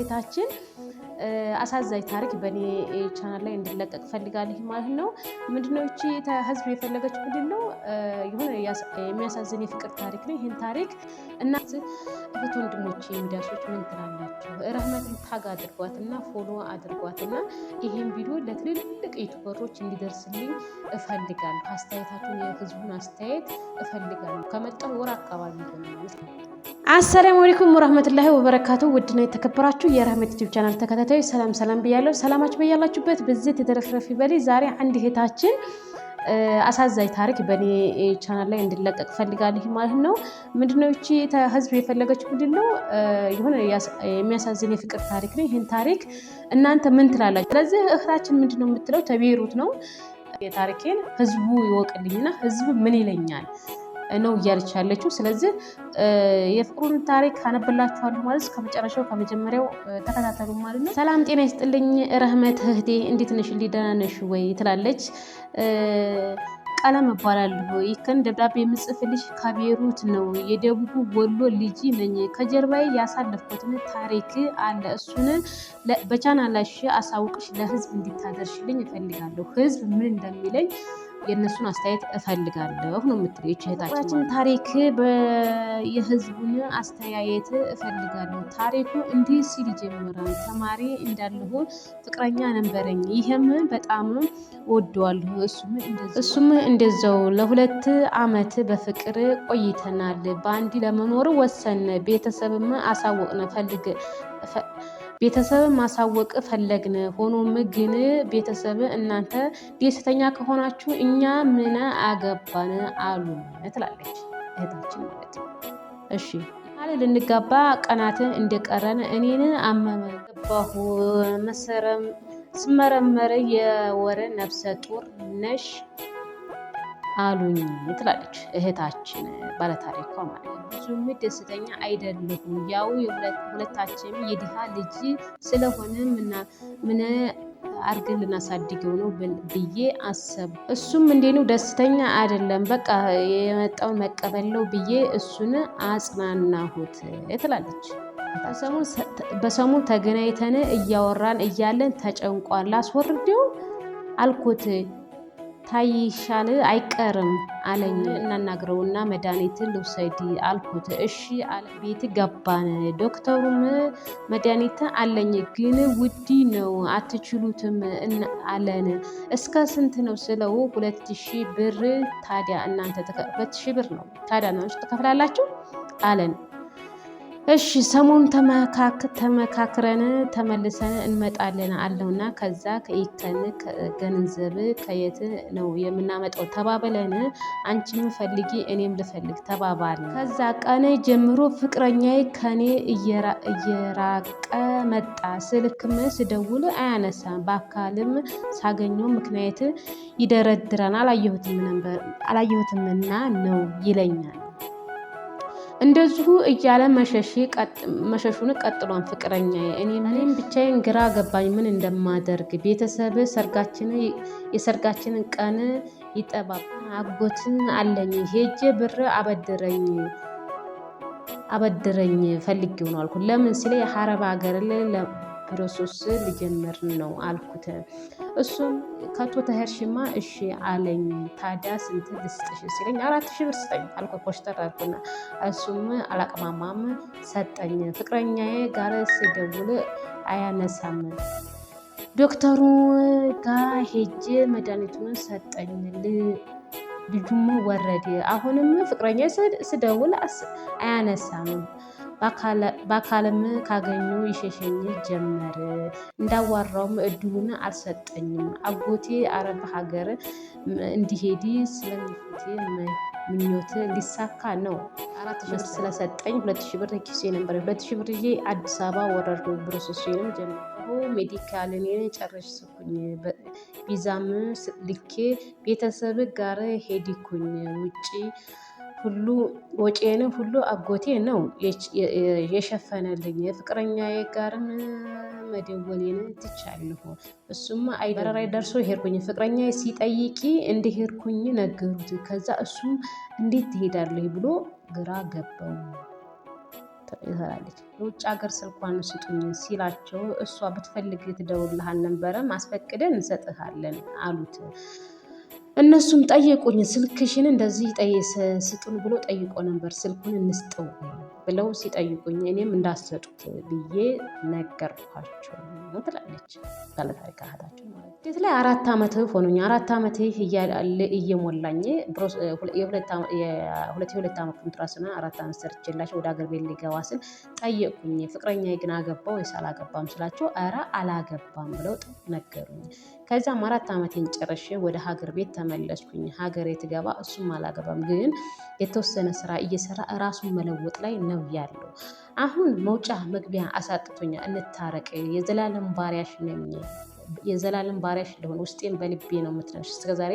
እህታችን አሳዛኝ ታሪክ በእኔ ቻናል ላይ እንድለቀቅ ፈልጋለሁ ማለት ነው። ምንድነው እቺ ህዝብ የፈለገች ምንድን ነው የሆነ የሚያሳዝን የፍቅር ታሪክ ነው። ይህን ታሪክ እና እህት ወንድሞች የሚዳሶች ምን ትላላችሁ? ረህመትን ታግ አድርጓት እና ፎሎ አድርጓት እና ይህን ቪዲዮ ለትልልቅ ዩቱበሮች እንዲደርስልኝ እፈልጋለሁ። አስተያየታችሁን የህዝቡን አስተያየት እፈልጋለሁ። ከመጣሁ ወር አካባቢ ነው። አሰላሙ አለይኩም ወራህመቱላሂ ወበረካቱ። ውድና የተከበራችሁ የረህመት ዩቲብ ቻናል ተከታታዮች ሰላም ሰላም ብያለሁ። ሰላማችሁ በያላችሁበት ብዝት የተረፍረፍ ይበል። ዛሬ አንድ እህታችን አሳዛኝ ታሪክ በእኔ ቻናል ላይ እንድለቀቅ ፈልጋለሁ ማለት ነው። ምንድነው ይቺ ህዝብ የፈለገች ነው? የሆነ የሚያሳዝን የፍቅር ታሪክ ነው። ይህን ታሪክ እናንተ ምን ትላላችሁ? ስለዚህ እህታችን ምንድነው የምትለው ተቤሩት ነው የታሪኬን ህዝቡ ይወቅልኝና ህዝብ ምን ይለኛል ነው እያለች ያለችው። ስለዚህ የፍቅሩን ታሪክ አነብላችኋለሁ ማለት ከመጨረሻው ከመጀመሪያው ተከታተሉ ማለት ነው። ሰላም ጤና ይስጥልኝ ረህመት እህቴ፣ እንዴት ነሽ? ደህና ነሽ ወይ ትላለች። ቀለም እባላለሁ። ይህን ደብዳቤ የምጽፍልሽ ከቤሩት ነው። የደቡብ ወሎ ልጅ ነኝ። ከጀርባዬ ያሳለፍኩትን ታሪክ አለ። እሱን በቻናላሽ አሳውቅሽ ለህዝብ እንዲታደርሽልኝ እፈልጋለሁ። ህዝብ ምን እንደሚለኝ የእነሱን አስተያየት እፈልጋለሁ ነው የምትለው እህታችን። ታሪክ የህዝቡን አስተያየት እፈልጋለሁ። ታሪኩ እንዲህ ሲል ጀምራል። ተማሪ እንዳለሁ ፍቅረኛ ነበረኝ። ይህም በጣም ወደዋለሁ። እሱም እንደዛው ለሁለት አመት በፍቅር ቆይተናል። በአንድ ለመኖር ወሰን ቤተሰብም አሳወቅነ ፈልግ ቤተሰብ ማሳወቅ ፈለግን። ሆኖም ግን ቤተሰብ እናንተ ደስተኛ ከሆናችሁ እኛ ምን አገባን አሉ ትላለች እህታችን ማለት እሺ ል ልንጋባ ቀናት እንደቀረን እኔን አመመ ገባሁ መሰረም ስመረመር የወር ነፍሰ ጡር ነሽ አሉኝ ትላለች እህታችን ባለታሪኳ ማለት ነው። ብዙም ደስተኛ አይደለሁም። ያው ሁለታችንም የድሃ ልጅ ስለሆነ ምን አድርገን ልናሳድገው ነው ብዬ አሰብ እሱም እንዴ ነው ደስተኛ አይደለም። በቃ የመጣውን መቀበል ነው ብዬ እሱን አጽናናሁት ትላለች። በሰሞኑ ተገናኝተን እያወራን እያለን ተጨንቋል። አስወርደው አልኩት ታይሻል አይቀርም አለኝ። እናናግረውና መድኃኒትን ልውሰድ አልኩት። እሺ ቤት ገባን። ዶክተሩም መድኃኒት አለኝ ግን ውዲ ነው አትችሉትም አለን። እስከ ስንት ነው ስለው ሁለት ሺህ ብር። ታዲያ እናንተ ሁለት ሺህ ብር ነው ታዲያ ናችሁ ትከፍላላችሁ አለን። እሺ ሰሞን ተመካክረን ተመልሰን እንመጣለን አለውና ከዛ ከኢከን ገንዘብ ከየት ነው የምናመጣው ተባበለን፣ አንቺም ፈልጊ እኔም ልፈልግ ተባባል። ከዛ ቀኔ ጀምሮ ፍቅረኛዬ ከኔ እየራቀ መጣ። ስልክም ስደውል አያነሳም፣ በአካልም ሳገኘው ምክንያት ይደረድረን አላየሁትም እና ነው ይለኛል። እንደዚሁ እያለ መሸሹን ቀጥሏን ፍቅረኛ እኔም ብቻዬን ግራ ገባኝ፣ ምን እንደማደርግ ቤተሰብ የሰርጋችንን ቀን ይጠባብ አጎትን አለኝ ሄጄ ብር አበድረኝ አበድረኝ ፈልጌው ነው አልኩ። ለምን ሲለ የሀረብ ሀገር ፕሮሰስ ልጀምር ነው አልኩት። እሱም ከቶ ተሄርሽማ እሺ አለኝ። ታዲያ ስንት ልስጥሽ ሲለኝ አራት ሺ ብር ስጠኝ አልኩ ኮሽተር አልኩና እሱም አላቅማማም ሰጠኝ። ፍቅረኛዬ ጋር ስደውል አያነሳም። ዶክተሩ ጋር ሄጄ መድኃኒቱን ሰጠኝ። ልጁም ወረደ። አሁንም ፍቅረኛ ስደውል አያነሳም። በአካልም ካገኙ ይሸሸኝ ጀመር። እንዳዋራውም እድሉን አልሰጠኝም። አጎቴ አረብ ሀገር እንዲሄድ ስለሚፍቴ ምኞት ሊሳካ ነው ስለሰጠኝ ሁለት ሺህ ብር ኪሴ ነበር። ሁለት ሺህ ብር አዲስ አበባ ብሮሶሲንም ፕሮሰሱንም ሜዲካል ሜዲካልን ጨረስኩኝ። ቪዛም ልኬ ቤተሰብ ጋር ሄድኩኝ ውጭ ሁሉ ወጪዬንም ሁሉ አጎቴ ነው የሸፈነልኝ። የፍቅረኛ ጋርም መደወሌንም ትቻለሁ። እሱም አይበረራይ ደርሶ ሄድኩኝ። ፍቅረኛዬ ሲጠይቂ እንደሄድኩኝ ነገሩት። ከዛ እሱም እንዴት ትሄዳለህ ብሎ ግራ ገባው ትላለች። የውጭ ሀገር ስልኳን ስጡኝ ሲላቸው እሷ ብትፈልግ ትደውልሃል ነበረ፣ ማስፈቅደን እንሰጥሃለን አሉት። እነሱም ጠየቁኝ ስልክሽን እንደዚህ ስጡን ብሎ ጠይቆ ነበር። ስልኩን እንስጠው ብለው ሲጠይቁኝ እኔም እንዳሰጡት ብዬ ነገርኳቸው ነው ትላለች ባለታሪክ እህታችን ማለት ነው። ላይ አራት ዓመት ሆኖኝ አራት ዓመት እየሞላኝ የሁለት የሁለት ዓመት ኮንትራስና አራት ዓመት ሰርቼላቸው ወደ አገር ቤት ሊገባ ስል ጠየቁኝ። ፍቅረኛ ግን አገባ ወይስ አላገባም ስላቸው ኧረ አላገባም ብለው ነገሩኝ። ከዛም አራት ዓመቴን ጨርሼ ወደ ሀገር ቤት ተመለስኩኝ። ሀገሬ ትገባ እሱም አላገባም ግን የተወሰነ ስራ እየሰራ ራሱን መለወጥ ላይ ነው ያለው። አሁን መውጫ መግቢያ አሳጥቶኛ እንታረቅ፣ የዘላለም ባሪያሽ ነኝ የዘላለም ባሪያሽ እንደሆነ ውስጤን በልቤ ነው እስከ ዛሬ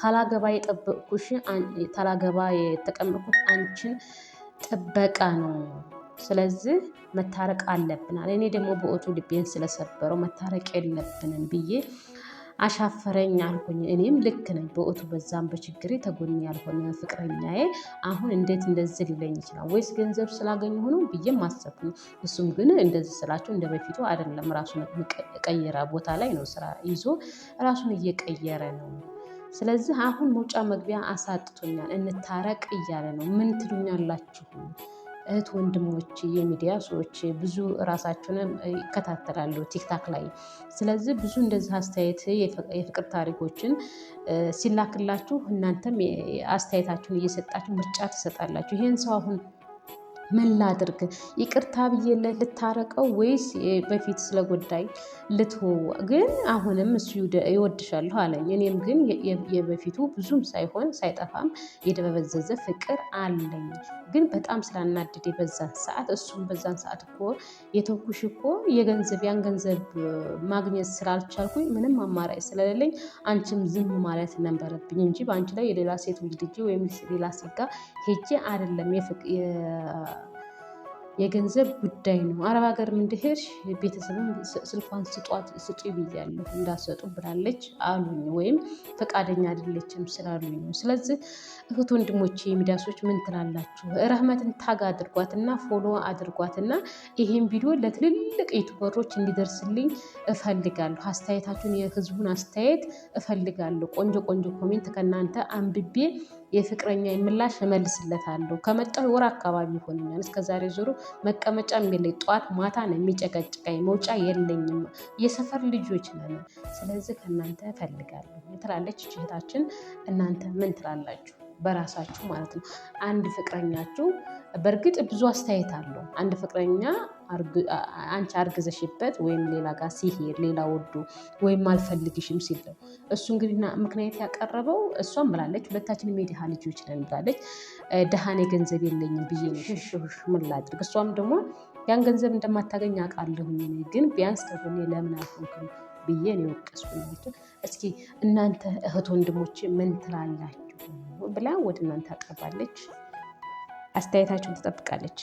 ካላገባ የጠበቅኩሽ ካላገባ የተቀመጥኩት አንቺን ጥበቃ ነው። ስለዚህ መታረቅ አለብናል። እኔ ደግሞ በኦቱ ልቤን ስለሰበረው መታረቅ የለብንም ብዬ አሻፈረኝ አልኩኝ። እኔም ልክ ነኝ በቱ በዛም በችግሬ ተጎኝ ያልሆነ ፍቅረኛዬ አሁን እንዴት እንደዚህ ሊለኝ ይችላል? ወይስ ገንዘብ ስላገኘ ሆኖ ብዬም አሰብኩኝ። እሱም ግን እንደዚህ ስላቸው እንደ በፊቱ አይደለም። ራሱን ቀየረ ቦታ ላይ ነው ስራ ይዞ ራሱን እየቀየረ ነው። ስለዚህ አሁን መውጫ መግቢያ አሳጥቶኛል። እንታረቅ እያለ ነው። ምን ትሉኛላችሁ? እህት ወንድሞች የሚዲያ ሰዎች ብዙ ራሳቸውንም ይከታተላሉ ቲክታክ ላይ። ስለዚህ ብዙ እንደዚህ አስተያየት የፍቅር ታሪኮችን ሲላክላችሁ እናንተም አስተያየታችሁን እየሰጣችሁ ምርጫ ትሰጣላችሁ። ይህን ሰው አሁን ምን ላድርግ? ይቅርታ ብዬ ልታረቀው ወይስ በፊት ስለ ጉዳይ ልትወው? ግን አሁንም እሱ ይወድሻለሁ አለኝ። እኔም ግን የበፊቱ ብዙም ሳይሆን ሳይጠፋም የደበበዘዘ ፍቅር አለኝ። ግን በጣም ስላናደደ በዛን ሰዓት እሱም በዛን ሰዓት እኮ የተኩሽ እኮ የገንዘብ ያን ገንዘብ ማግኘት ስላልቻልኩኝ ምንም አማራጭ ስለሌለኝ አንቺም ዝም ማለት ነበረብኝ እንጂ በአንቺ ላይ የሌላ ሴት ልጅ ወይም ሌላ ሴት ጋር ሄጄ አይደለም የገንዘብ ጉዳይ ነው። አረብ ሀገር እንድሄድ ቤተሰብም ስልኳን ስጧት ስጡ ብያለሁ እንዳሰጡ ብላለች አሉኝ፣ ወይም ፈቃደኛ አይደለችም ስላሉኝ ነው። ስለዚህ እህት ወንድሞቼ ሚዳሶች ምን ትላላችሁ? ረህመትን ታግ አድርጓትና ፎሎ አድርጓትና ይሄን ቪዲዮ ለትልልቅ ዩቱበሮች እንዲደርስልኝ እፈልጋለሁ። አስተያየታችሁን የህዝቡን አስተያየት እፈልጋለሁ። ቆንጆ ቆንጆ ኮሜንት ከእናንተ አንብቤ የፍቅረኛ ምላሽ እመልስለታለሁ። ከመጣሁ ወር አካባቢ ይሆነኛል። ዛሬ ዞሮ መቀመጫ የለኝ። ጠዋት ማታ ነው የሚጨቀጭቀኝ። መውጫ የለኝም። የሰፈር ልጆች ነን። ስለዚህ ከእናንተ እፈልጋለሁ ትላለች እህታችን። እናንተ ምን ትላላችሁ? በራሳችሁ ማለት ነው። አንድ ፍቅረኛችሁ በእርግጥ ብዙ አስተያየት አለው። አንድ ፍቅረኛ አንቺ አርግዘሽበት ወይም ሌላ ጋር ሲሄድ ሌላ ወዶ ወይም አልፈልግሽም ሲል ነው እሱ እንግዲህ ምክንያት ያቀረበው። እሷም ብላለች ሁለታችን የድሃ ልጆች ነን ብላለች። ድሃኔ ገንዘብ የለኝም ብዬ ነው ምን ላድርግ? እሷም ደግሞ ያን ገንዘብ እንደማታገኝ አውቃለሁኝ፣ ግን ቢያንስ ከጎኔ ለምን አልሆንኩም ብዬ ነው የወቀስኩ። እስኪ እናንተ እህት ወንድሞች ምን ትላላችሁ ብላ ወደ እናንተ አቀርባለች። አስተያየታችሁን ትጠብቃለች።